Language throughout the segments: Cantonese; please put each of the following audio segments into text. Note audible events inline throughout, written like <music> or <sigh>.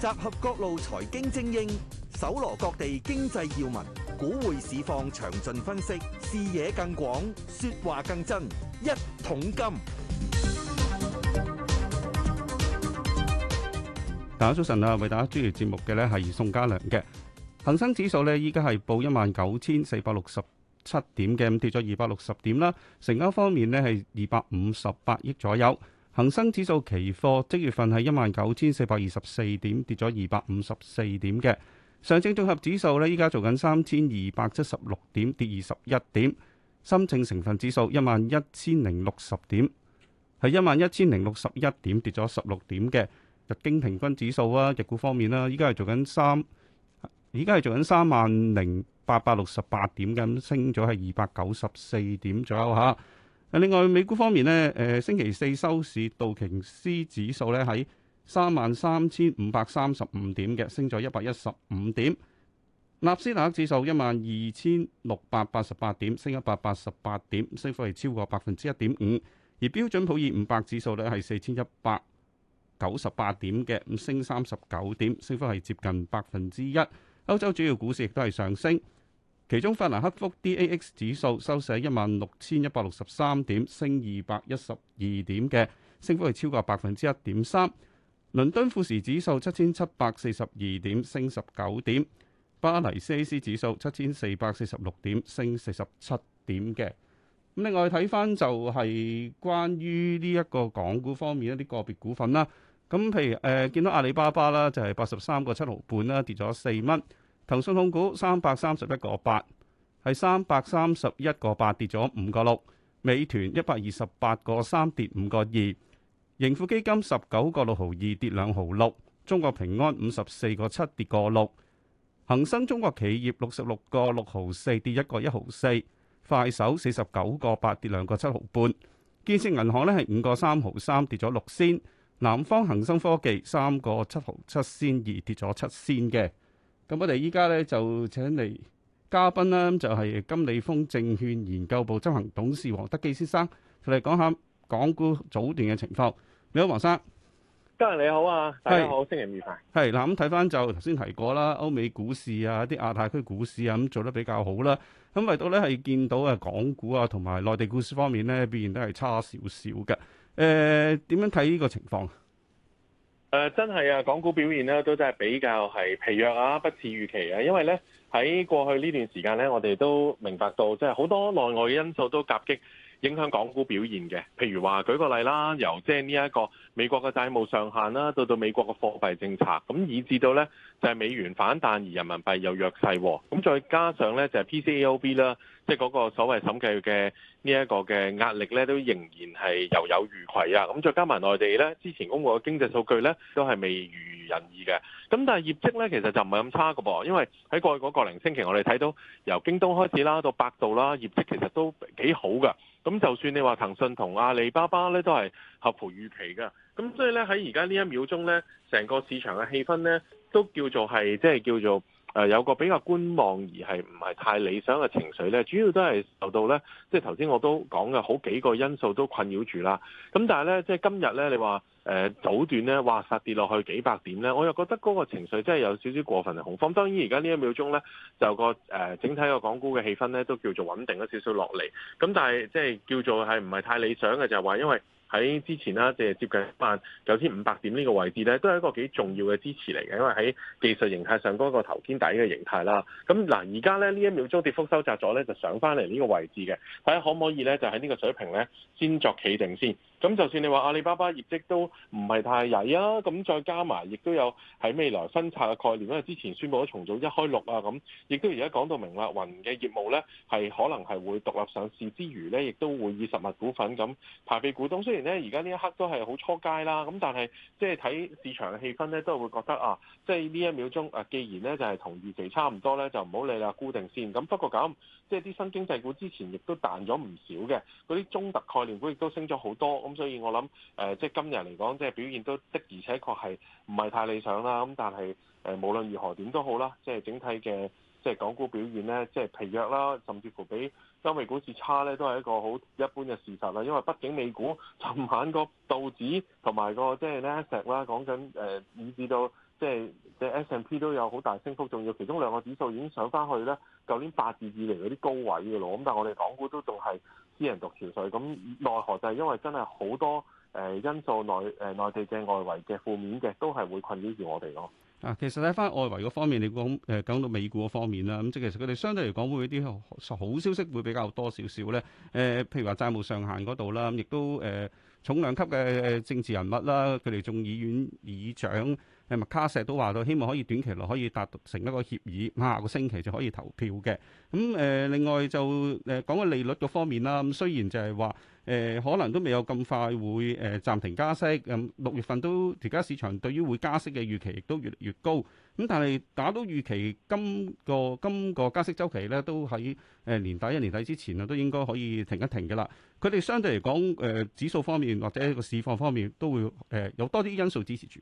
集合各路財經精英，蒐羅各地經濟要聞，股匯市況詳盡分析，視野更廣，說話更真，一桶金。大家早晨啊，為大家主持節目嘅呢係宋家良嘅。恒生指數呢依家係報一萬九千四百六十七點嘅，咁跌咗二百六十點啦。成交方面呢係二百五十八億左右。恒生指數期貨即月份係一萬九千四百二十四點，跌咗二百五十四點嘅。上證綜合指數呢，依家做緊三千二百七十六點，跌二十一點。深證成分指數一萬一千零六十點，係一萬一千零六十一點，跌咗十六點嘅。日經平均指數啊，日股方面啦、啊，依家係做緊三，依家係做緊三萬零八百六十八點嘅，咁升咗係二百九十四點左右吓。另外，美股方面咧，誒、呃、星期四收市，道瓊斯指數咧喺三萬三千五百三十五點嘅，升咗一百一十五點；納斯達克指數一萬二千六百八十八點，升一百八十八點，升幅係超過百分之一點五；而標準普爾五百指數咧係四千一百九十八點嘅，咁升三十九點，升幅係接近百分之一。歐洲主要股市亦都係上升。其中，法蘭克福 DAX 指數收市喺一萬六千一百六十三點，升二百一十二點嘅，升幅係超過百分之一點三。倫敦富時指數七千七百四十二點，升十九點。巴黎 CAC 指數七千四百四十六點，升四十七點嘅。咁另外睇翻就係關於呢一個港股方面一啲個別股份啦。咁譬如誒、呃，見到阿里巴巴啦，就係八十三個七毫半啦，跌咗四蚊。騰訊控股三百三十一個八，係三百三十一個八跌咗五個六。美團一百二十八個三跌五個二。盈富基金十九個六毫二跌兩毫六。中國平安五十四個七跌個六。恒生中國企業六十六個六毫四跌一個一毫四。快手四十九個八跌兩個七毫半。建設銀行呢係五個三毫三跌咗六仙。南方恒生科技三個七毫七仙二跌咗七仙嘅。咁我哋依家咧就請嚟嘉賓啦，就係金利豐證券研究部執行董事黃德幾先生，同你講下港股早段嘅情況。你好，黃生。今日你好啊，大家好，是星期五愉快。係嗱，咁睇翻就頭先提過啦，歐美股市啊，啲亞太區股市啊，咁做得比較好啦。咁唯到咧係見到啊，港股啊，同埋內地股市方面咧，表現都係差少少嘅。誒、呃，點樣睇呢個情況？誒、呃、真係啊，港股表現呢都真係比較係疲弱啊，不似預期啊，因為呢，喺過去呢段時間呢，我哋都明白到即係好多內外因素都夾擊。影響港股表現嘅，譬如話舉個例啦，由即係呢一個美國嘅債務上限啦，到到美國嘅貨幣政策，咁以至到呢就係、是、美元反彈而人民幣又弱勢，咁、哦、再加上呢就係、是、PCAOB 啦，即係嗰個所謂審計嘅呢一個嘅壓力呢，都仍然係猶有餘悸啊！咁再加埋內地呢，之前公布嘅經濟數據呢，都係未如，如人意嘅，咁但係業績呢，其實就唔係咁差噶噃，因為喺過去嗰個零星期我，我哋睇到由京東開始啦，到百度啦，業績其實都幾好噶。咁就算你話騰訊同阿里巴巴咧，都係合乎預期嘅。咁所以咧，喺而家呢一秒鐘咧，成個市場嘅氣氛咧，都叫做係即係叫做。誒有個比較觀望而係唔係太理想嘅情緒呢，主要都係受到呢，即係頭先我都講嘅好幾個因素都困擾住啦。咁但係呢，即係今日呢，你話誒、呃、早段呢，哇殺跌落去幾百點呢，我又覺得嗰個情緒真係有少少過分嘅恐慌。當然而家呢一秒鐘呢，就個誒、呃、整體個港股嘅氣氛呢，都叫做穩定咗少少落嚟。咁但係即係叫做係唔係太理想嘅，就係、係、話因為。喺之前啦，即係接近一萬九千五百點呢個位置咧，都係一個幾重要嘅支持嚟嘅，因為喺技術形態上嗰個頭肩底嘅形態啦。咁嗱，而家咧呢一秒鐘跌幅收窄咗咧，就上翻嚟呢個位置嘅，睇下可唔可以咧就喺呢個水平咧先作企定先。咁就算你話阿里巴巴業績都唔係太曳啊，咁再加埋亦都有喺未來分拆嘅概念。因為之前宣布咗重組一開六啊，咁亦都而家講到明喇，雲嘅業務咧係可能係會獨立上市之餘咧，亦都會以實物股份咁派俾股東，雖然。而家呢一刻都係好初階啦，咁但係即係睇市場嘅氣氛呢，都係會覺得啊，即係呢一秒鐘啊，既然呢就係同預期差唔多呢，就唔好理啦，固定先。咁不過咁，即係啲新經濟，濟股之前亦都彈咗唔少嘅，嗰啲中特概念股亦都升咗好多。咁所以我諗誒，即、呃、係、就是、今日嚟講，即、就、係、是、表現都的，而且確係唔係太理想啦。咁但係誒、呃，無論如何點都好啦，即、就、係、是、整體嘅即係港股表現呢，即、就、係、是、疲弱啦，甚至乎比。收尾股市差咧，都係一個好一般嘅事實啦。因為畢竟美股尋晚個道指同埋個即係納斯達克啦，講緊誒以至到即係嘅 S&P 都有好大升幅，重要其中兩個指數已經上翻去咧，舊年八字以嚟嗰啲高位嘅咯。咁但係我哋港股都仲係私人獨潮水，咁奈何就係、是、因為真係好多誒因素內誒內地嘅外圍嘅負面嘅，都係會困擾住我哋咯。啊，其實喺返外圍嗰方面，你講誒、呃、講到美股嗰方面啦，咁即係其實佢哋相對嚟講會有啲好消息會比較多少少咧。誒、呃，譬如話債務上限嗰度啦，亦、嗯、都誒、呃、重量級嘅政治人物啦，佢哋眾議院議長。誒，麥卡錫都話到，希望可以短期內可以達成一個協議，下個星期就可以投票嘅。咁、嗯、誒、呃，另外就誒、呃、講個利率嘅方面啦。咁、嗯、雖然就係話誒，可能都未有咁快會誒、呃、暫停加息。咁、嗯、六月份都而家市場對於會加息嘅預期亦都越嚟越高。咁、嗯、但係打到預期，今個今個加息週期咧都喺誒年底一年底之前啦，都應該可以停一停㗎喇。佢哋相對嚟講誒指數方面或者個市況方面都會誒、呃、有多啲因素支持住。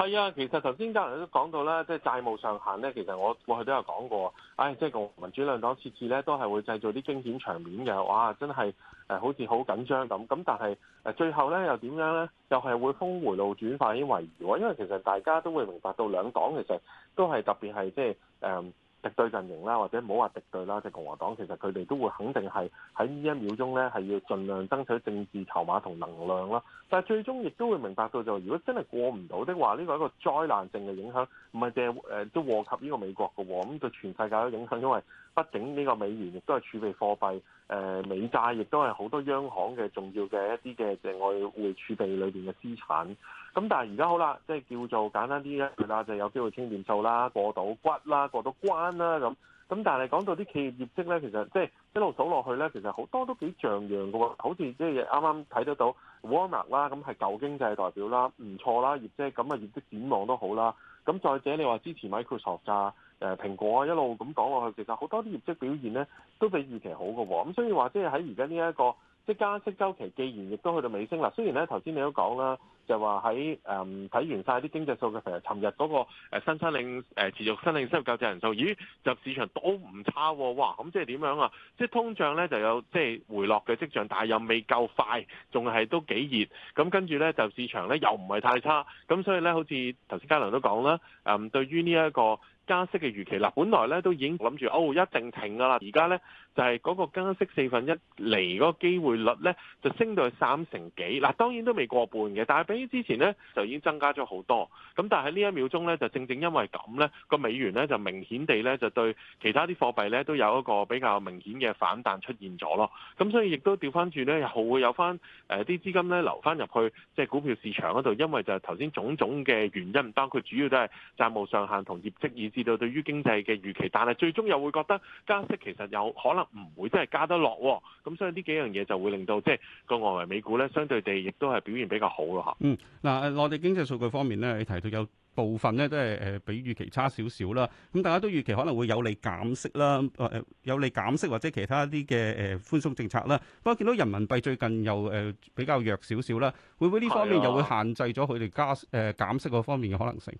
係啊，其實頭先嘉麟都講到啦，即係債務上限咧。其實我過去都有講過，唉、哎，即係共民主兩黨設置咧，都係會製造啲驚險場面嘅。哇，真係誒，好似好緊張咁。咁但係誒，最後咧又點樣咧？又係會峰回路轉化險為夷喎。因為其實大家都會明白到兩黨其實都係特別係即係誒。就是嗯敵對陣營啦，或者唔好話敵對啦，即共和黨，其實佢哋都會肯定係喺呢一秒鐘咧，係要盡量爭取政治籌碼同能量啦。但係最終亦都會明白到、就是，就如果真係過唔到的話，呢、這個一個災難性嘅影響，唔係淨係誒都禍及呢個美國嘅，咁對全世界都影響，因為。不竟呢個美元亦都係儲備貨幣，誒、呃、美債亦都係好多央行嘅重要嘅一啲嘅，另、就是、外匯儲備裏邊嘅資產。咁但係而家好啦，即、就、係、是、叫做簡單啲咧，就啦、是、就有機會清點數啦，過到骨啦，過到關啦咁。咁但係講到啲企業業績咧，其實即係、就是、一路數落去咧，其實好多都幾像樣嘅喎，好似即係啱啱睇得到 Warner 啦，咁係舊經濟代表啦，唔錯啦業績，咁啊業績展望都好啦。咁再者，你話支持 Microsoft、啊誒蘋果啊，一路咁講落去，其實好多啲業績表現咧都比預期好嘅喎。咁、嗯、所以話即係喺而家呢一個即加息周期，既然亦都去到尾聲啦。雖然咧頭先你都講啦，就話喺誒睇完晒啲經濟數據，其實尋日嗰個新申領誒、呃、持續申領失業救濟人數，咦就市場都唔差喎、哦。哇！咁即係點樣啊？即係通脹咧就有即係、就是、回落嘅跡象，但係又未夠快，仲係都幾熱。咁跟住咧就市場咧又唔係太差。咁所以咧好似頭先嘉良都講啦，誒、嗯、對於呢、這、一個。加息嘅預期嗱，本來咧都已經諗住哦，一定停噶啦，而家咧。就係嗰個加息四分一厘嗰個機會率呢，就升到去三成幾。嗱，當然都未過半嘅，但係比起之前呢，就已經增加咗好多。咁但係呢一秒鐘呢，就正正因為咁呢個美元呢，就明顯地呢，就對其他啲貨幣呢，都有一個比較明顯嘅反彈出現咗咯。咁所以亦都調翻轉呢，又會有翻誒啲資金呢，流翻入去即係股票市場嗰度，因為就係頭先種種嘅原因，包括主要都係債務上限同業績，以至到對於經濟嘅預期。但係最終又會覺得加息其實有可能。唔會真係加得落，哦，咁所以呢幾樣嘢就會令到即係個外圍美股咧，相對地亦都係表現比較好咯嚇。嗯，嗱、呃，內地經濟數據方面咧，你提到有部分咧都係誒比預期差少少啦。咁、嗯、大家都預期可能會有利減息啦，誒、呃、有利減息或者其他一啲嘅誒寬鬆政策啦。不過見到人民幣最近又誒、呃、比較弱少少啦，會唔會呢方面又會限制咗佢哋加誒減、呃、息嗰方面嘅可能性？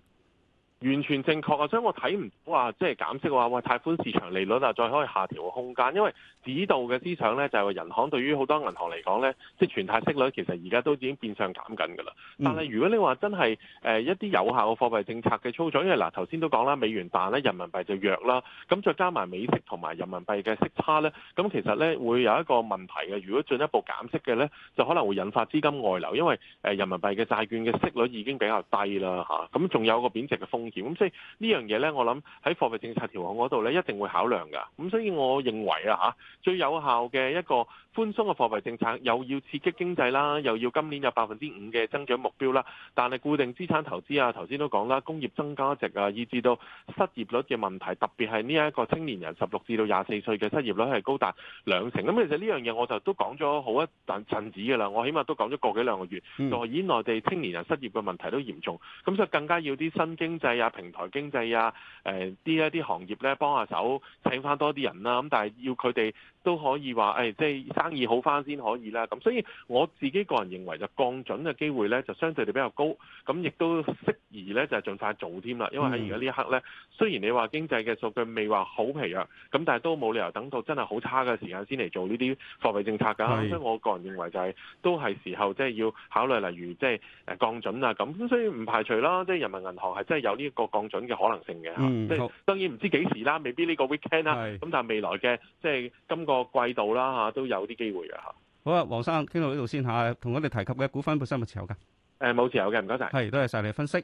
完全正確啊！所以我睇唔到話即係減息嘅話，哇！貸款市場利率啊，再可以下調嘅空間，因為指導嘅思想咧就係、是、人行對於好多銀行嚟講咧，即係存貸息率其實而家都已經變相減緊㗎啦。但係如果你話真係誒、呃、一啲有效嘅貨幣政策嘅操作，因為嗱頭先都講啦，美元彈咧，人民幣就弱啦，咁再加埋美息同埋人民幣嘅息差咧，咁其實咧會有一個問題嘅。如果進一步減息嘅咧，就可能會引發資金外流，因為誒、呃、人民幣嘅債券嘅息率已經比較低啦嚇，咁、啊、仲有個貶值嘅風險。咁所以呢樣嘢呢，我諗喺貨幣政策調控嗰度呢，一定會考量噶。咁所以我認為啊，吓最有效嘅一個寬鬆嘅貨幣政策，又要刺激經濟啦，又要今年有百分之五嘅增長目標啦。但係固定資產投資啊，頭先都講啦，工業增加值啊，以至到失業率嘅問題，特別係呢一個青年人十六至到廿四歲嘅失業率係高達兩成。咁其實呢樣嘢我就都講咗好一陣陣子㗎喇，我起碼都講咗個幾兩個月。內以內地青年人失業嘅問題都嚴重，咁所以更加要啲新經濟。啊！平台經濟啊，誒啲一啲行業咧，幫下手請翻多啲人啦，啊。咁但係要佢哋。都可以話，誒，即係生意好翻先可以啦。咁所以我自己個人認為就降準嘅機會咧，就相對地比較高。咁亦都適宜咧，就係盡快做添啦。因為喺而家呢一刻咧，雖然你話經濟嘅數據未話好疲弱，咁但係都冇理由等到真係好差嘅時間先嚟做呢啲貨幣政策㗎。是所以我個人認為就係都係時候即係要考慮，例如即係誒降準啊。咁所以唔排除啦，即係人民銀行係真係有呢個降準嘅可能性嘅嚇。即係當然唔知幾時啦，未必呢個 weekend 啦是。咁但係未來嘅即係今個季度啦吓，啊，都有啲機會嘅吓。好啊，黃生，傾到呢度先吓。同、啊、我哋提及嘅股份，本身有冇持有嘅？誒、呃，冇持有嘅，唔該晒。係，多謝晒你分析。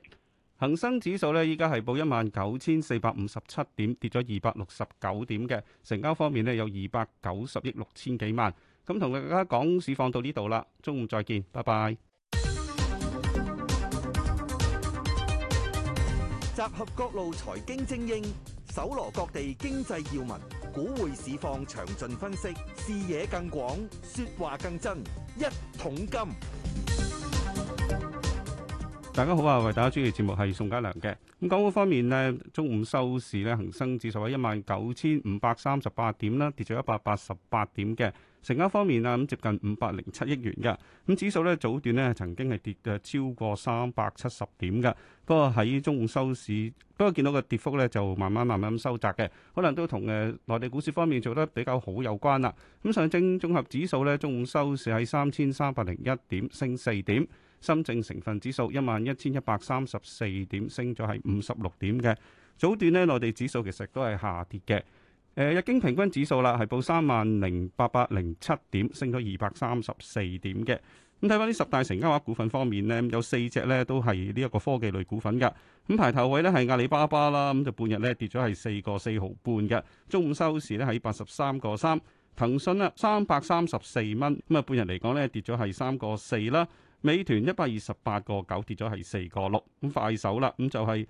恒生指數呢，依家係報一萬九千四百五十七點，跌咗二百六十九點嘅。成交方面呢，有二百九十億六千幾萬。咁，啊、同大家講市況到呢度啦，中午再見，拜拜。集合各路財經精英，搜羅各地經濟要聞。股匯市況詳盡分析，視野更廣，說話更真。一桶金，大家好啊！為大家主持嘅節目係宋家良嘅。咁港股方面呢，中午收市呢，恒生指數喺一萬九千五百三十八點啦，跌咗一百八十八點嘅。成交方面啊，咁接近五百零七億元嘅，咁指數咧早段咧曾經係跌咗超過三百七十點嘅，不過喺中午收市，不過見到個跌幅咧就慢慢慢慢收窄嘅，可能都同誒內地股市方面做得比較好有關啦。咁上證綜合指數咧中午收市係三千三百零一點，升四點；深證成分指數一萬一千一百三十四點，升咗係五十六點嘅。早段呢，內地指數其實都係下跌嘅。誒日經平均指數啦，係報三萬零八百零七點，升咗二百三十四點嘅。咁睇翻呢十大成交額股份方面呢，有四隻呢都係呢一個科技類股份嘅。咁排頭位呢係阿里巴巴啦，咁、嗯、就半日呢跌咗係四個四毫半嘅。中午收市呢係八十三個三。騰訊啦，三百三十四蚊，咁啊半日嚟講呢跌咗係三個四啦。美團一百二十八個九，跌咗係四個六。咁快手啦，咁、嗯、就係、是。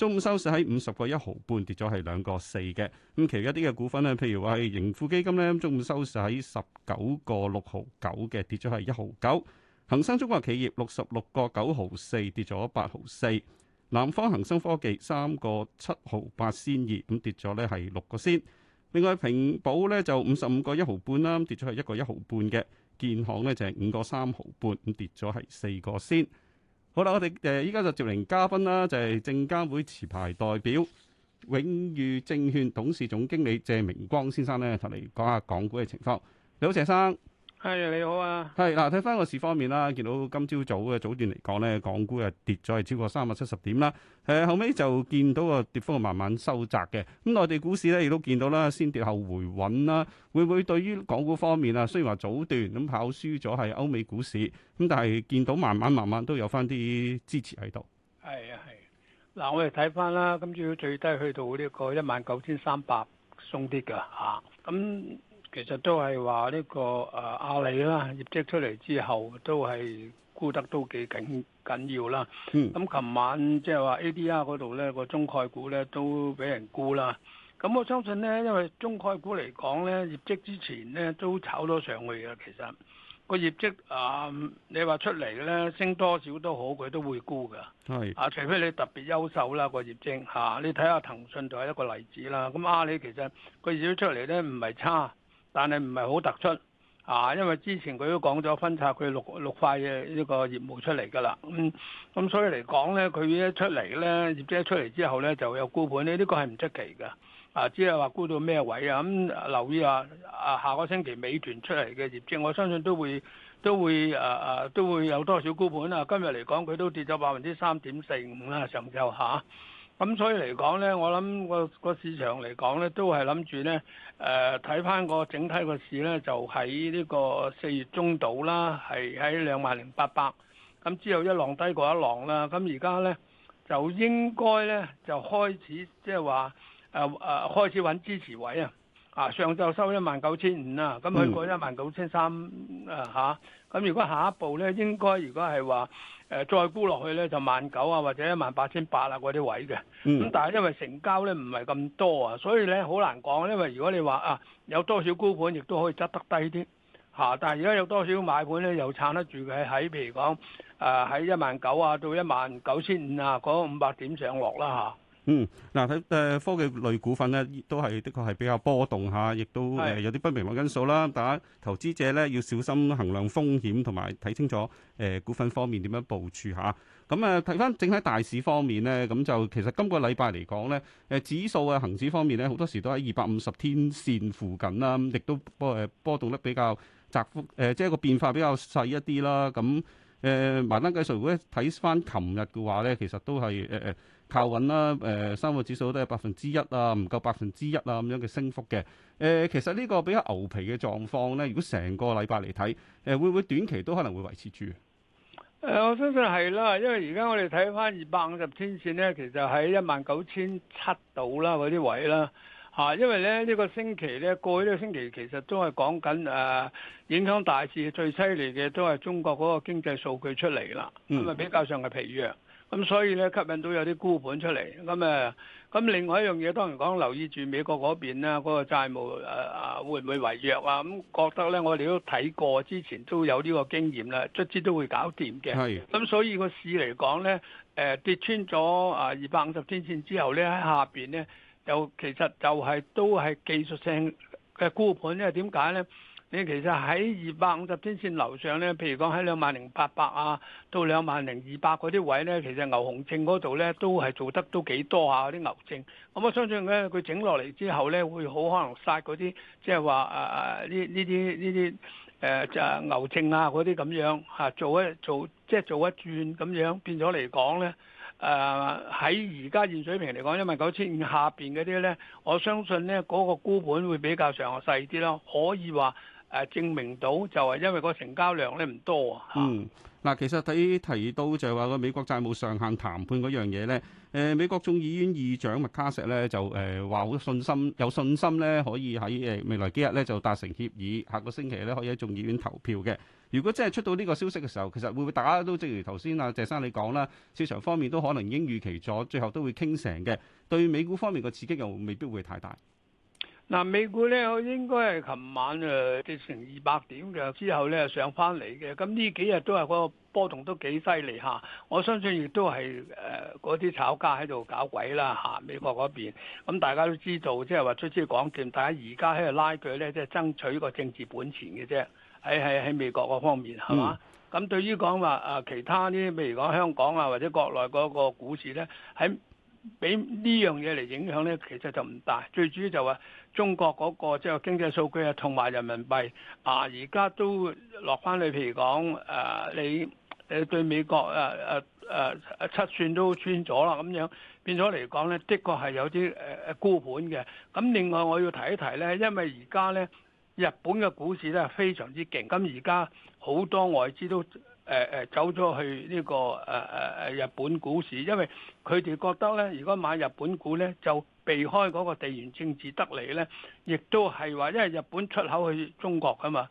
中午收市喺五十個一毫半，跌咗係兩個四嘅。咁其他啲嘅股份呢？譬如話係盈富基金呢，中午收市喺十九個六毫九嘅，跌咗係一毫九。恒生中國企業六十六個九毫四，跌咗八毫四。南方恒生科技三個七毫八先二，咁跌咗呢係六個先。另外平保呢，就五十五個一毫半啦，跌咗係一個一毫半嘅。建行呢，就係五個三毫半，咁跌咗係四個先。好啦，我哋誒，依家就接嚟嘉賓啦，就係證監會持牌代表永裕證券董事總經理謝明光先生咧，嚟講下港股嘅情況。你好，謝生。係，你好啊，係嗱，睇翻個市方面啦，見到今朝早嘅早、早段嚟講咧，港股啊跌咗係超過三百七十點啦，誒後尾就見到個跌幅慢慢收窄嘅，咁內地股市咧亦都見到啦，先跌後回穩啦，會唔會對於港股方面啊，雖然話早段咁跑輸咗係歐美股市，咁但係見到慢慢慢慢都有翻啲支持喺度。係啊係，嗱、啊、我哋睇翻啦，今朝最低去到呢、這個、一個一萬九千三百鬆啲噶吓，咁、啊。 <noise> 其實都係話呢個誒阿里啦，業績出嚟之後都係沽得都幾緊緊要啦。咁、嗯、琴、嗯、晚即係話 ADR 嗰度咧個中概股咧都俾人沽啦。咁我相信咧，因為中概股嚟講咧，業績之前咧都炒咗上去嘅。其實個業績啊，你話出嚟咧升多少都好，佢都會沽噶。係啊是，除非你特別優秀啦個業績吓、啊，你睇下騰訊就係一個例子啦。咁阿里其實個業績出嚟咧唔係差。但係唔係好突出啊！因為之前佢都講咗分拆佢六六塊嘅呢個業務出嚟㗎啦，咁、嗯、咁所以嚟講咧，佢一出嚟咧業績一出嚟之後咧就有沽盤咧，呢、呢個係唔出奇㗎。啊，只係話沽到咩位啊？咁留意下啊，下個星期美團出嚟嘅業績，我相信都會都會啊啊都會有多少沽盤啊。今日嚟講佢都跌咗百分之三點四五啦，上夠下。啊咁所以嚟講呢，我諗個個市場嚟講呢，都係諗住呢，誒睇翻個整體個市呢，就喺呢個四月中度啦，係喺兩萬零八百。咁之後一浪低過一浪啦，咁而家呢，就應該呢，就開始即係話誒誒開始揾支持位啊, 19, 500, 啊, 19, 300, 啊！啊，上晝收一萬九千五啊，咁佢過一萬九千三啊嚇。咁如果下一步呢，應該如果係話，誒再沽落去咧就萬九啊，或者一萬八千八啊嗰啲位嘅，咁但係因為成交咧唔係咁多啊，所以咧好難講。因為如果你話啊，有多少沽盤亦都可以執得低啲嚇、啊，但係而家有多少買盤咧又撐得住嘅喺譬如講誒喺一萬九啊, 19，啊到一萬九千五啊嗰五百點上落啦嚇。啊。嗯，嗱，睇、呃、誒科技類股份咧，都係的確係比較波動嚇，亦都誒有啲不明朗因素啦。大家的投資者咧要小心衡量風險，同埋睇清楚誒、呃、股份方面點樣部署。嚇、啊。咁誒睇翻整體大市方面咧，咁就其實今個禮拜嚟講咧，誒、呃、指數嘅行市方面咧，好多時都喺二百五十天線附近啦，亦、啊、都波誒波動得比較窄幅，誒、呃、即係個變化比較細一啲啦。咁誒埋單計數，如果睇翻琴日嘅話咧，其實都係誒誒。呃呃呃靠穩啦，誒三個指數都係百分之一啊，唔夠百分之一啊咁樣嘅升幅嘅。誒、呃，其實呢個比較牛皮嘅狀況咧，如果成個禮拜嚟睇，誒、呃、會唔會短期都可能會維持住？誒、呃，我相信係啦，因為而家我哋睇返二百五十天線咧，其實喺一萬九千七度啦嗰啲位啦，嚇、啊，因為咧呢、這個星期咧過去呢個星期，其實都係講緊誒影響大市最犀利嘅都係中國嗰個經濟數據出嚟啦，咁啊、嗯、比較上嘅疲弱。咁所以咧吸引到有啲沽盤出嚟，咁誒，咁另外一樣嘢，當然講留意住美國嗰邊咧，嗰個債務誒誒會唔會違約啊？咁覺得咧，我哋都睇過之前都有呢個經驗啦，卒之都會搞掂嘅。咁是所以個市嚟講咧，誒跌穿咗啊二百五十天線之後咧，喺下邊咧，又其實就係都係技術性嘅沽盤咧。點解咧？你其實喺二百五十天線樓上咧，譬如講喺兩萬零八百啊，到兩萬零二百嗰啲位咧，其實牛熊證嗰度咧都係做得都幾多啊！啲牛證，咁我相信咧，佢整落嚟之後咧，會好可能殺嗰啲，即係話啊啊呢呢啲呢啲誒就牛證啊嗰啲咁樣嚇做一做，即係做一轉咁樣，變咗嚟講咧，誒喺而家現水平嚟講，因為九千五下邊嗰啲咧，我相信咧嗰個股本會比較上細啲咯，可以話。誒、啊、證明到就係因為個成交量咧唔多啊。嗯，嗱，其實睇提到就係話個美國債務上限談判嗰樣嘢咧，誒、呃、美國眾議院議長麥卡錫咧就誒話好信心，有信心咧可以喺誒未來幾日咧就達成協議，下個星期咧可以喺眾議院投票嘅。如果真係出到呢個消息嘅時候，其實會唔會大家都正如頭先啊謝生你講啦，市場方面都可能已經預期咗，最後都會傾成嘅，對美股方面個刺激又未必會太大。嗱，美股咧，我應該係琴晚誒跌、呃、成二百點嘅，之後咧上翻嚟嘅。咁呢幾日都係嗰個波動都幾犀利嚇。我相信亦都係誒嗰啲炒家喺度搞鬼啦嚇。美國嗰邊，咁大家都知道，即係話出於講政治，大家而家喺度拉佢咧，即、就、係、是、爭取個政治本錢嘅啫。喺喺喺美國嗰方面係嘛？咁、嗯、對於講話誒其他啲，譬如講香港啊，或者國內嗰個股市咧，喺。俾呢樣嘢嚟影響咧，其實就唔大。最主要就話中國嗰、那個即係、就是、經濟數據啊，同埋人民幣啊，而家都落翻嚟。譬如講，誒、啊、你你對美國誒誒誒七算都穿咗啦，咁樣變咗嚟講咧，的確係有啲誒誒沽盤嘅。咁另外我要提一提咧，因為而家咧日本嘅股市咧非常之勁。咁而家好多外資都誒誒走咗去呢個誒誒誒日本股市，因為佢哋覺得咧，如果買日本股咧，就避開嗰個地緣政治得嚟咧，亦都係話，因為日本出口去中國噶嘛，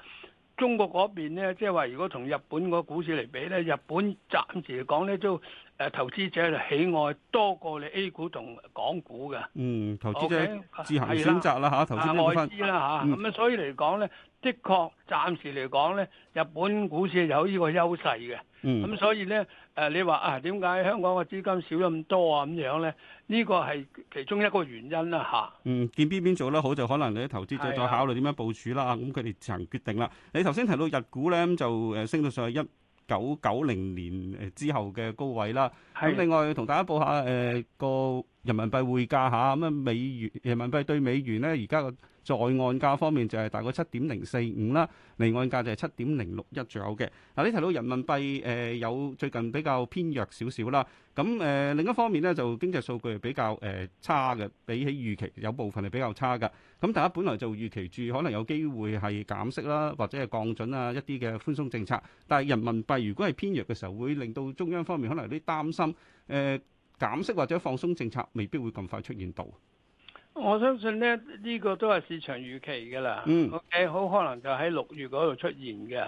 中國嗰邊咧，即係話如果同日本個股市嚟比咧，日本暫時嚟講咧都。誒投資者就喜愛多過你 A 股同港股嘅。嗯，投資者自行選擇啦嚇，投資呢一忽，外資啦嚇，咁啊，啊所以嚟講咧，嗯、的確暫時嚟講咧，日本股市有呢個優勢嘅。嗯。咁、啊、所以咧，誒你話啊點解香港嘅資金少咗咁多啊咁樣咧？呢個係其中一個原因啦嚇。啊、嗯，見邊邊做得好就可能你啲投資者再考慮點樣部署啦，咁佢哋自行決定啦。你頭先提到日股咧，咁就誒升到上去一。九九零年誒之後嘅高位啦，咁的另外同大家報下誒個、呃、人民幣匯價吓。咁、嗯、啊美元人民幣對美元咧而家個。在岸價方面就係大概七點零四五啦，離岸價就係七點零六一左右嘅。嗱，你提到人民幣誒、呃、有最近比較偏弱少少啦，咁、嗯、誒、呃、另一方面呢，就經濟數據係比較誒、呃、差嘅，比起預期有部分係比較差嘅。咁、嗯、大家本來就預期住可能有機會係減息啦，或者係降準啊一啲嘅寬鬆政策。但係人民幣如果係偏弱嘅時候，會令到中央方面可能有啲擔心誒、呃、減息或者放鬆政策未必會咁快出現到。我相信咧，呢、這個都係市場預期㗎啦。嗯 o 好可能就喺六月嗰度出現嘅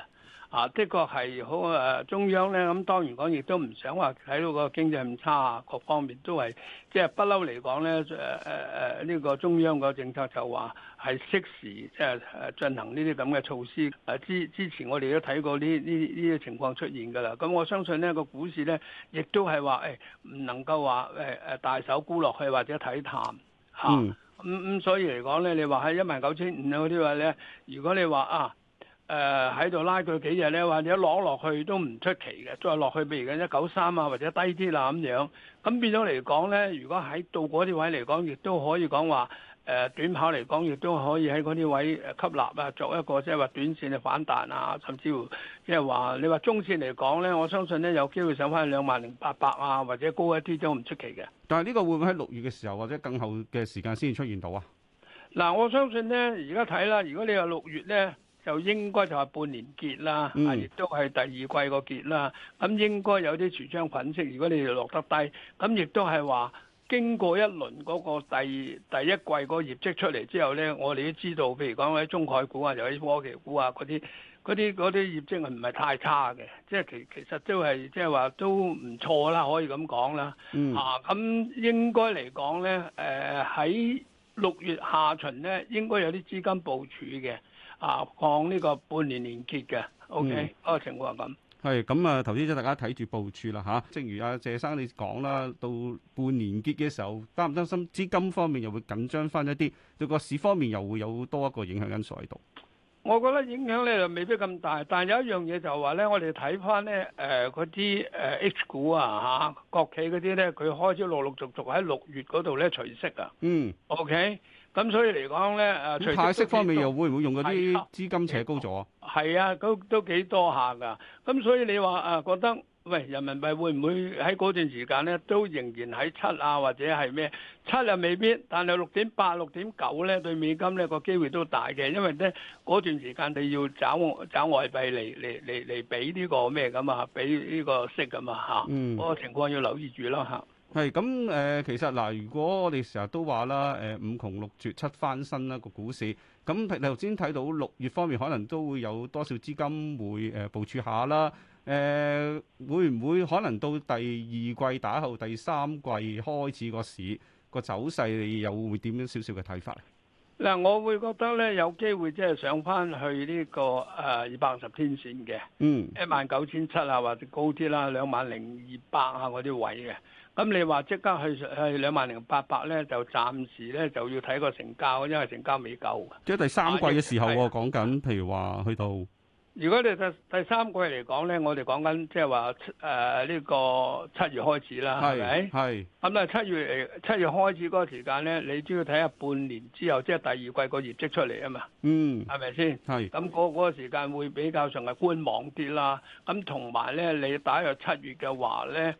啊，的確係好啊。中央咧咁，當然講亦都唔想話睇到個經濟咁差，各方面都係即係不嬲嚟講咧誒誒誒呢、呃這個中央個政策就話係適時即係誒進行呢啲咁嘅措施。誒、啊、之之前我哋都睇過呢呢呢啲情況出現㗎啦。咁我相信呢個股市咧亦都係話誒唔能夠話誒誒大手沽落去或者睇淡。Mm. 啊，咁、嗯、咁所以嚟講咧，你話喺一萬九千五嗰啲位咧，如果你話啊，誒喺度拉佢幾日咧，或者攞落去都唔出奇嘅，再落去譬如講一九三啊，或者低啲啦咁樣，咁變咗嚟講咧，如果喺到嗰啲位嚟講，亦都可以講話。誒、呃、短跑嚟講，亦都可以喺嗰啲位吸納啊，作一個即係話短線嘅反彈啊，甚至乎即係話你話中線嚟講咧，我相信咧有機會上翻去兩萬零八百啊，或者高一啲都唔出奇嘅。但係呢個會唔會喺六月嘅時候或者更後嘅時間先出現到啊？嗱，我相信咧，而家睇啦。如果你話六月咧，就應該就係半年結啦，啊、嗯，亦都係第二季個結啦。咁應該有啲櫥窗粉飾。如果你哋落得低，咁亦都係話。經過一輪嗰個第第一季嗰個業績出嚟之後咧，我哋都知道，譬如講喺中概股啊，又喺科技股啊嗰啲，嗰啲嗰啲業績係唔係太差嘅，即係其其實都係即係話都唔錯啦，可以咁講啦。嗯啊呃。啊，咁應該嚟講咧，誒喺六月下旬咧，應該有啲資金部署嘅，啊講呢個半年年結嘅。O K，個情況係咁。係咁啊！頭先就大家睇住部署啦，吓、啊，正如阿謝生你講啦，到半年結嘅時候，擔唔擔心資金方面又會緊張翻一啲？對個市方面又會有多一個影響因素喺度。我覺得影響咧就未必咁大，但係有一樣嘢就話咧，我哋睇翻咧誒嗰啲誒 H 股啊，吓，國企嗰啲咧，佢開始陸陸續續喺六月嗰度咧除息啊。嗯。O K。咁所以嚟講咧，誒、嗯，除息，息方面又會唔會用嗰啲資金斜高咗啊？係啊，都都幾多下噶。咁所以你話誒、啊，覺得喂，人民幣會唔會喺嗰段時間咧都仍然喺七啊，或者係咩？七又未必，但係六點八、六點九咧對美金咧、這個機會都大嘅，因為咧嗰段時間你要找找外幣嚟嚟嚟嚟俾呢個咩噶啊，俾呢個息噶啊。吓、嗯。嗰個情況要留意住啦吓。啊係咁誒，其實嗱、呃，如果我哋成日都話啦，誒、呃、五窮六絕七翻身啦個股市，咁你頭先睇到六月方面可能都會有多少資金會誒部署下啦，誒、呃、會唔會可能到第二季打後第三季開始個市個走勢，你會有會點樣少少嘅睇法？嗱，我會覺得咧有機會即係上翻去呢、這個誒二百五十天線嘅，嗯，一萬九千七啊，或者高啲啦，兩萬零二百啊嗰啲位嘅。咁你話即刻去去兩萬零八百咧，就暫時咧就要睇個成交，因為成交未夠。即係第三季嘅時候，我講緊，譬、就是啊、如話去到。如果你第第三季嚟講咧，我哋講緊即係話誒呢個七月開始啦，係咪是？係。咁啊，七月誒七月開始嗰個時間咧，你只要睇下半年之後，即係第二季個業績出嚟啊嘛。嗯，是是。係咪先？係。咁嗰嗰個時間會比較上係觀望啲啦。咁同埋咧，你打入七月嘅話咧，誒、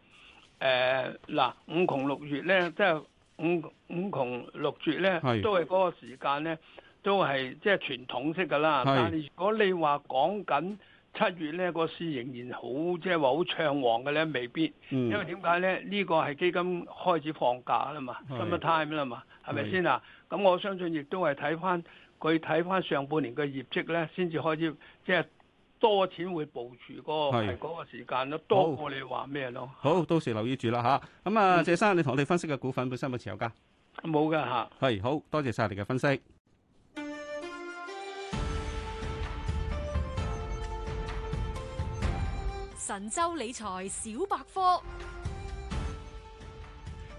呃、嗱五窮六月咧，即係五五窮六絕咧，是 都係嗰個時間咧。 <music> 都係即係傳統式噶啦，但係如果你話講緊七月咧，個市仍然好即係話好暢旺嘅咧，未必，因為點解咧？呢、這個係基金開始放假啦嘛，summer time 啦嘛，係咪先啊？咁的我相信亦都係睇翻佢睇翻上半年嘅業績咧，先至開始即係多錢會部署嗰個嗰個時間咯，多過你話咩咯？好，到時留意住啦吓。咁、呃嗯、啊，謝生，你同我哋分析嘅股份本身有冇持有噶？冇噶吓。係，好，好多謝晒你嘅分析。神州理財小百科。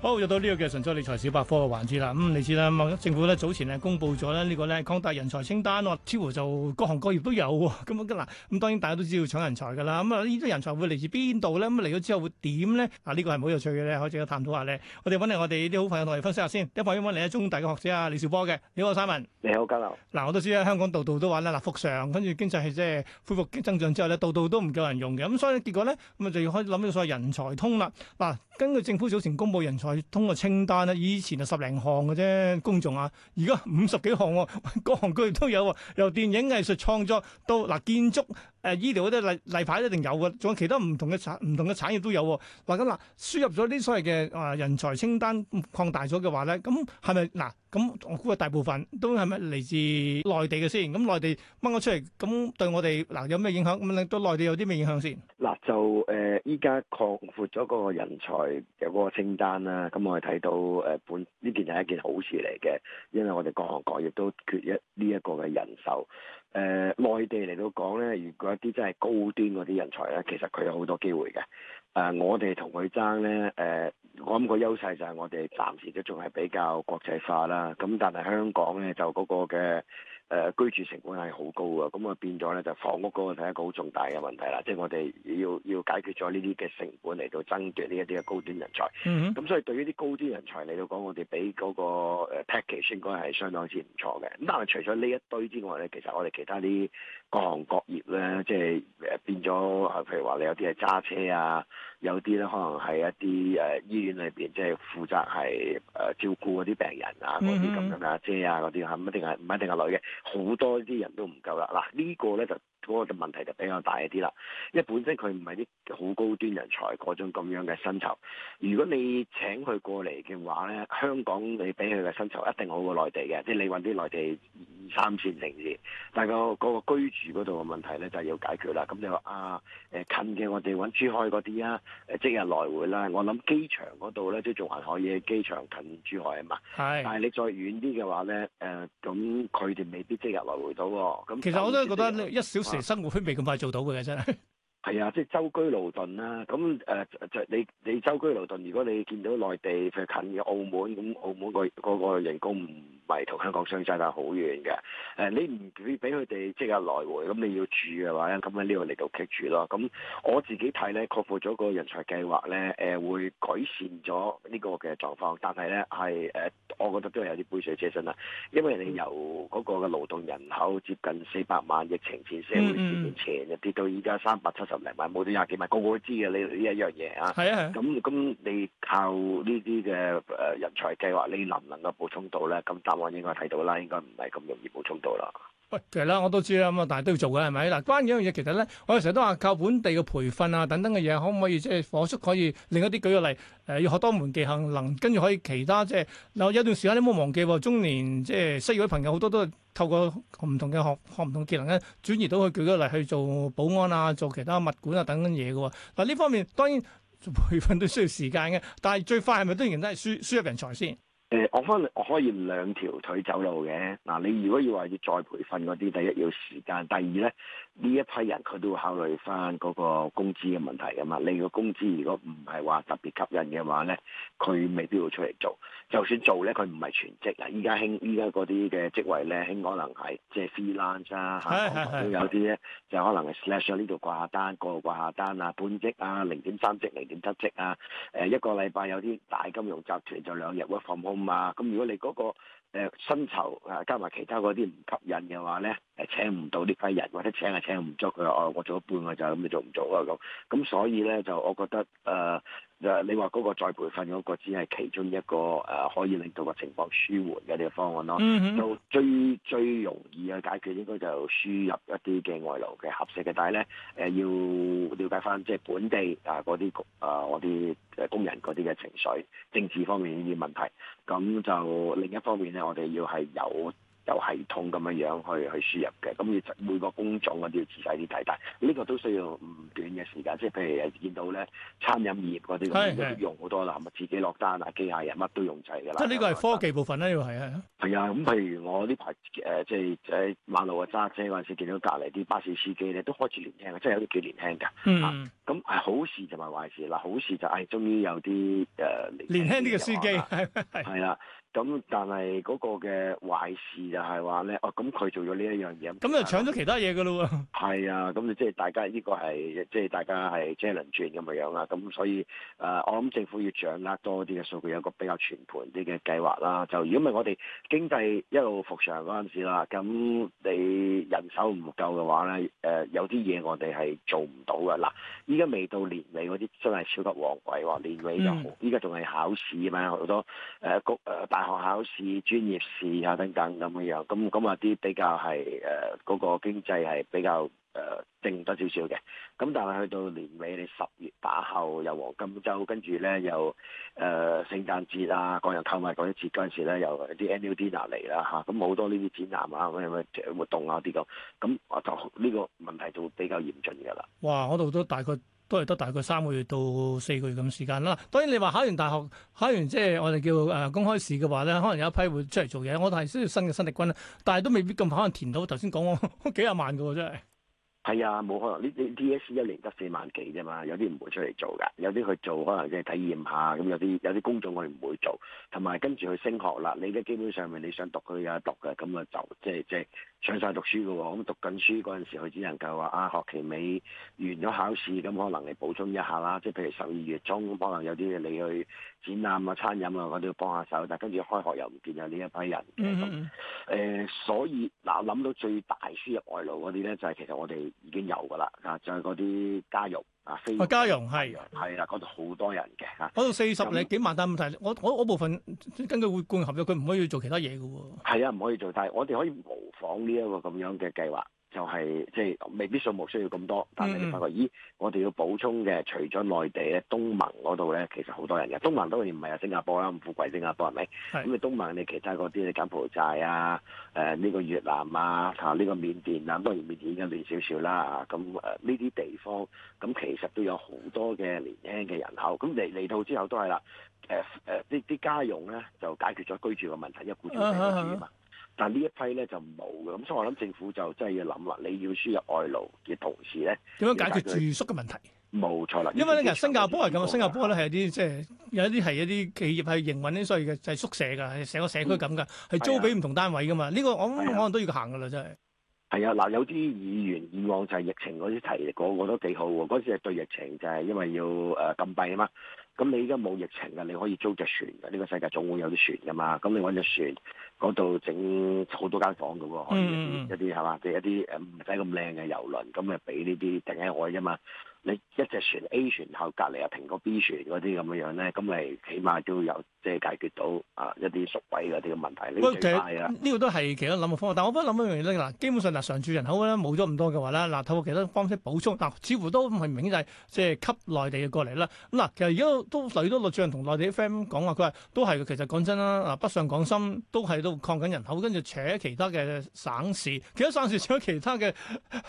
好又到呢、這個嘅純粹理財小百科嘅環節啦，咁、嗯、你知啦，咁、嗯、政府咧早前咧公布咗咧呢個咧擴大人才清單喎、哦，似乎就各行各業都有喎。咁、嗯、嗱，咁當然大家都知道要搶人才㗎啦。咁、嗯、啊，呢啲人才會嚟自邊度咧？咁嚟咗之後會點咧？啊，呢、這個係好有趣嘅咧，開始去探討下咧。我哋揾嚟我哋啲好朋友同我分析下先。下一個要嚟咧，中大嘅學者啊，李兆波嘅，你好，三文。你好，交流。嗱、嗯，我都知啦，香港度度都話咧，納、啊、復常跟住經濟係即係恢復增長之後咧，度度都唔夠人用嘅。咁、嗯、所以咧結果咧，咁、嗯、啊就要開始諗呢個所謂人才通啦。嗱、啊，根據政府早前公布人才。通過清單啦，以前啊十零項嘅啫，公眾啊，而家五十幾項、啊，各行各業都有、啊，由電影藝術創作到嗱、啊、建築誒、呃、醫療嗰啲例例牌一定有嘅，仲有其他唔同嘅產唔同嘅產業都有、啊。嗱、啊，咁、啊、嗱，輸入咗啲所謂嘅啊人才清單擴大咗嘅話咧，咁係咪嗱？咁、啊、我估大部分都係咩嚟自內地嘅先？咁內地掹咗出嚟，咁對我哋嗱、啊、有咩影響？咁令到內地有啲咩影響先？嗱、啊，就誒依家擴闊咗個人才嘅嗰個清單啦。咁、嗯、我哋睇到誒、呃、本呢件係一件好事嚟嘅，因為我哋各行各業都缺一呢一個嘅人手。誒、呃，內地嚟到講咧，如果一啲真係高端嗰啲人才咧，其實佢有好多機會嘅。誒、呃，我哋同佢爭咧，誒、呃，我諗個優勢就係我哋暫時都仲係比較國際化啦。咁、嗯、但係香港咧就嗰個嘅。誒、呃、居住成本係好高啊，咁啊變咗咧就房屋嗰個係一個好重大嘅問題啦，即係我哋要要解決咗呢啲嘅成本嚟到爭奪呢一啲嘅高端人才。咁、嗯、哼所以對於啲高端人才嚟到講，我哋俾嗰個 package 應該係相當之唔錯嘅。咁但係除咗呢一堆之外咧，其實我哋其他啲。各行各業咧，即係誒變咗，譬如話你有啲係揸車啊，有啲咧可能係一啲誒醫院裏邊，即係負責係誒照顧嗰啲病人啊，嗰啲咁樣嘅姐啊，嗰啲嚇，唔一定係唔一定係女嘅，好多啲人都唔夠啦。嗱呢個咧就嗰個就問題就比較大一啲啦，因為本身佢唔係啲好高端人才嗰種咁樣嘅薪酬，如果你請佢過嚟嘅話咧，香港你俾佢嘅薪酬一定好過內地嘅，即係你揾啲內地三線城市，但個嗰個居住住嗰度嘅問題咧，就係、是、要解決啦。咁你話啊，誒近嘅我哋揾珠海嗰啲啊，誒、呃、即日來回啦。我諗機場嗰度咧，即仲係可以，喺機場近珠海啊嘛。係是。但係你再遠啲嘅話咧，誒咁佢哋未必即日來回到喎、哦。咁其實我都係覺得一小時生活圈未咁快做到嘅真係。 <laughs> 係啊，即係舟車勞頓啦。咁、嗯、誒，就、嗯、你你舟車勞頓，如果你見到內地佢近嘅澳門，咁澳門個嗰、那個人工唔係同香港相差得好遠嘅。誒、嗯，你唔俾俾佢哋即刻來回，咁你要住嘅話咧，咁喺呢度嚟到 keep 住咯。咁我自己睇咧，擴闊咗個人才計劃咧，誒、呃，會改善咗呢個嘅狀況。但係咧，係誒、呃，我覺得都係有啲杯水車薪啦。因為你由嗰個嘅勞動人口接近四百萬，疫情前社會事件前日跌到依家三百七。十零萬冇咗廿幾萬，個個都知嘅呢呢一樣嘢啊。係 <noise> 啊，咁咁你靠呢啲嘅誒人才計劃，你能唔能夠補充到咧？咁答案應該睇到啦，應該唔係咁容易補充到啦。 <noise> <noise> <noise> <noise> <noise> <noise> 喂，其實啦，我都知啦，咁啊，但係都要做嘅係咪？嗱，關鍵一樣嘢其實咧，我哋成日都話靠本地嘅培訓啊，等等嘅嘢，可唔可以即係火速可以另一啲舉個例，誒、呃、要學多門技能，跟住可以其他即係嗱有段時間你冇忘記喎，中年即係失業嘅朋友好多都透過唔同嘅學學唔同技能咧，轉移到去舉個例去做保安啊，做其他物管啊等等嘢嘅喎。嗱呢方面當然做培訓都需要時間嘅，但係最快係咪當然都係輸輸入人才先？誒、uh,，我可以我可以兩條腿走路嘅。嗱、啊，你如果要話要再培訓嗰啲，第一要時間，第二咧呢一批人佢都會考慮翻嗰個工資嘅問題㗎嘛。你個工資如果唔係話特別吸引嘅話咧，佢未必會出嚟做。就算做咧，佢唔係全職啊。依家興依家嗰啲嘅職位咧，興可能係即係 freelance 啦、啊，嚇都、yes, yes , yes. 啊、有啲咧，就可能係 slash 呢度掛下單，嗰度掛下單啊，半職啊，零點三職、零點七職啊。誒、呃，一個禮拜有啲大金融集團就兩日 work from home。咁、嗯、如果你嗰、個誒薪酬啊加埋其他嗰啲唔吸引嘅話咧？誒請唔到啲批人，或者請係請唔足啊！哦，我做一半啊，就咁就做唔到啊咁。咁所以咧，就我覺得誒誒、呃，你話嗰個再培訓嗰個只係其中一個誒、呃、可以令到個情況舒緩嘅呢個方案咯。Mm hmm. 到最最容易去解決，應該就輸入一啲嘅外勞嘅合適嘅，但係咧誒要了解翻即係本地啊嗰啲啊我啲工人嗰啲嘅情緒、政治方面呢啲問題。咁就另一方面咧，我哋要係有。有系統咁樣樣去去輸入嘅，咁要每個工種我都要仔細啲睇睇，呢個都需要唔短嘅時間。即係譬如誒見到咧，餐飲業嗰啲的用好多啦，咪的自己落單啊？機械人乜都用齊嘅啦。即係呢個係科技部分啦，呢個係啊。係啊但，咁譬如我呢排誒即係喺馬路啊揸車嗰陣時，見到隔離啲巴士司機咧都開始年輕，即係有啲幾年輕㗎。嗯。咁係、啊、好事就唔係壞事啦。好事就係、是哎、終於有啲誒、呃、年輕啲嘅司機。係啦 <laughs> 的。 <laughs> 咁但係嗰個嘅壞事就係話咧，哦咁佢做咗呢一樣嘢，咁就搶咗其他嘢噶咯喎。係 <laughs> 啊，咁就即係大家呢、呢個係即係大家係即係輪轉咁嘅樣啦。咁所以誒、呃，我諗政府要掌握多啲嘅數據，有個比較全盤啲嘅計劃啦。就如果唔係我哋經濟一路復常嗰陣時啦，咁你人手唔夠嘅話咧，誒、呃、有啲嘢我哋係做唔到嘅。嗱，依家未到年尾嗰啲真係超級旺季喎，年尾又好，依家仲係考試啊嘛，好多誒局誒學考試、專業試啊等等咁嘅樣，咁咁啊啲比較係誒嗰個經濟係比較誒靜咗少少嘅。咁、呃、但係去到年尾，你十月打後又黃金周，跟住咧又誒聖誕節，節啊，各人購物嗰啲節嗰陣時咧，又啲 n t d 拿嚟啦嚇，咁好多呢啲展覽啊，咁樣嘅活動啊啲咁，咁我就呢、呢個問題就會比較嚴峻㗎啦。哇！我度都大概。都係得大概三個月到四個月咁時間啦。當然你話考完大學，考完即係我哋叫誒公開試嘅話咧，可能有一批會出嚟做嘢。我哋係需要新嘅新力軍啦，但係都未必咁可能填到。頭先講我幾廿萬㗎喎，真係。係啊，冇可能。呢啲 DSE 一年得四萬幾啫嘛。有啲唔會出嚟做㗎，有啲去做可能即係體驗下咁。有啲有啲工種我哋唔會做，同埋跟住去升學啦。你嘅基本上咪你想讀佢有得讀嘅，咁啊就即係即係。上晒讀書嘅喎，咁讀緊書嗰陣時，佢只能夠話啊學期尾完咗考試，咁可能你補充一下啦。即係譬如十二月中，可能有啲你去展覽啊、餐飲啊嗰啲幫下手，但係跟住開學又唔見有呢一批人嘅。誒、mm hmm. 呃，所以嗱諗、呃、到最大輸入外勞嗰啲咧，就係、是、其實我哋已經有㗎啦啊，在嗰啲家傭。阿嘉榮係係啊，嗰度好多人嘅吓，嗰度四十零幾萬，但問題、嗯、我我部分根據匯冠合約，佢唔可以做其他嘢㗎喎。係啊，唔可以做，但係我哋可以模仿呢一個咁樣嘅計劃。就係、是、即係未必數目需要咁多，但係你發覺，嗯、咦？我哋要補充嘅，除咗內地咧，東盟嗰度咧，其實好多人嘅。東盟當然唔係啊，新加坡啦，咁富貴新加坡係咪？咁你是東盟你其他嗰啲，你柬埔寨啊，誒、呃、呢、這個越南啊，嚇、啊、呢、這個緬甸啊，當然緬甸嘅亂少少啦，咁誒呢啲地方，咁、啊、其實都有好多嘅年輕嘅人口。咁嚟嚟到之後都係啦，誒誒呢啲家用咧，就解決咗居住嘅問題，因為僱主俾嘅住啊嘛。啊但呢一批咧就冇嘅，咁、嗯、所以我諗政府就真係要諗啦。你要輸入外勞嘅同時咧，點樣解決住宿嘅問題？冇錯啦，因為咧新加坡係咁，新加坡咧係有啲即係有一啲係一啲企業係營運啲所以嘅就係宿舍㗎，係成個社區咁㗎，係、嗯、租俾唔同單位㗎嘛。呢、嗯呢個我諗可能都要行㗎啦，真係。係啊，嗱有啲議員以往就係疫情嗰啲提，個個都幾好喎。嗰時對疫情就係因為要誒禁閉啊嘛。咁你而家冇疫情啊，你可以租隻船嘅。呢個世界總會有啲船噶嘛。咁你揾隻船嗰度整好多間房嘅喎，可以一啲係嘛？譬如一啲誒唔使咁靚嘅遊輪，咁咪俾呢啲定喺海啫嘛。你一隻船 A 船後隔離又停個 B 船嗰啲咁嘅樣咧，咁你起碼都有。即係解決到啊一啲縮位嗰啲嘅問題。呢個實都係啊，呢個都係其他諗嘅方法。但我覺得諗一樣嘢嗱基本上嗱常住人口咧冇咗咁多嘅話咧，嗱透過其他方式補充，嗱、呃、似乎都係明顯係即係吸內地嘅過嚟啦。咁、呃、嗱其實而家都嚟多陸上同內地啲 friend 講話，佢話都係其實講真啦，啊北上廣深都係到擴緊人口，跟住扯其他嘅省市，其他省市扯其他嘅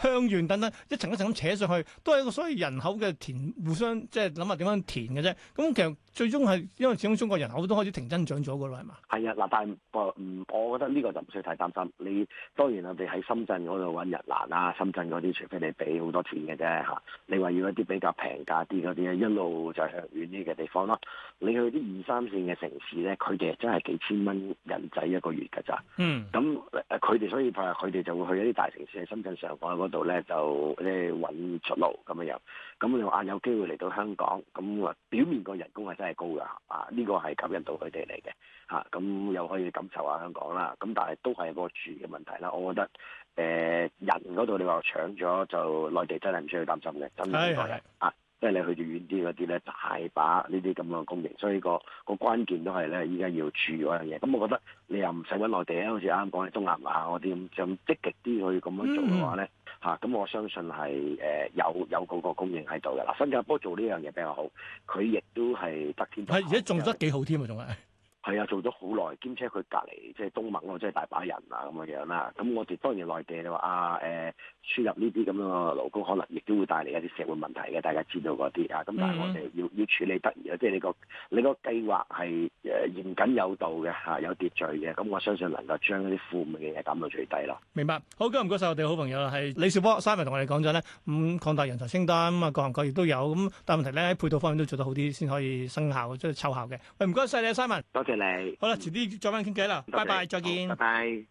鄉縣等等，一層一層咁扯上去，都係一個所謂人口嘅填互相即係諗下點樣填嘅啫。咁其實最終係因為始終中國人口。我都開始停增長咗，㗎喇係嘛？係啊，嗱，但係唔，我覺得呢個就唔需要太擔心。你當然我哋喺深圳嗰度揾日難啊，深圳嗰啲除非你俾好多錢嘅啫嚇。你話要一啲比較平價啲嗰啲，一路就向遠啲嘅地方咯。你去啲二三線嘅城市咧，佢哋真係幾千蚊人仔一個月㗎咋。嗯。咁佢哋所以佢哋就會去一啲大城市，喺深圳、上海嗰度咧，就咧揾出路咁樣樣。咁你話有機會嚟到香港，咁、嗯、話表面個人工係真係高噶，啊呢個係吸引到佢哋嚟嘅，嚇、啊、咁、嗯、又可以感受下香港啦。咁、啊、但係都係個住嘅問題啦。我覺得誒、呃、人嗰度你話搶咗就內地真係唔需要擔心嘅，真係啊。即係你去住遠啲嗰啲咧，大把呢啲咁樣嘅供應，所以個個關鍵都係咧，依家要儲咗樣嘢。咁我覺得你又唔使揾內地咧，好似啱啱講嘅東南亞啊嗰啲咁，咁積極啲去咁樣做嘅話咧，嚇咁、嗯啊、我相信係誒、呃、有有嗰個供應喺度嘅啦。新加坡做呢樣嘢比較好，佢亦都係得天，而家種得幾好添啊，仲係。係啊，做咗好耐，兼且佢隔離即係東盟咯，即係大把人啊咁嘅樣啦。咁我哋當然內地你話啊誒輸、呃、入呢啲咁樣嘅勞工，可能亦都會帶嚟一啲社會問題嘅，大家知道嗰啲啊。咁但係我哋要要處理得而啊，即係你個你個計劃係嚴謹有道嘅嚇、啊，有秩序嘅。咁我相信能夠將啲負面嘅嘢減到最低咯。明白。好，今日唔該晒我哋好朋友係李兆波，Simon 同我哋講咗咧，咁、嗯、擴大人才清單，啊各行各業都有。咁但係問題咧喺配套方面都做得好啲，先可以生效即係奏效嘅。喂，唔該晒你 s i 啊，Simon。 <noise> 好啦，遲啲謝拜再揾傾偈啦，拜拜，再見，拜。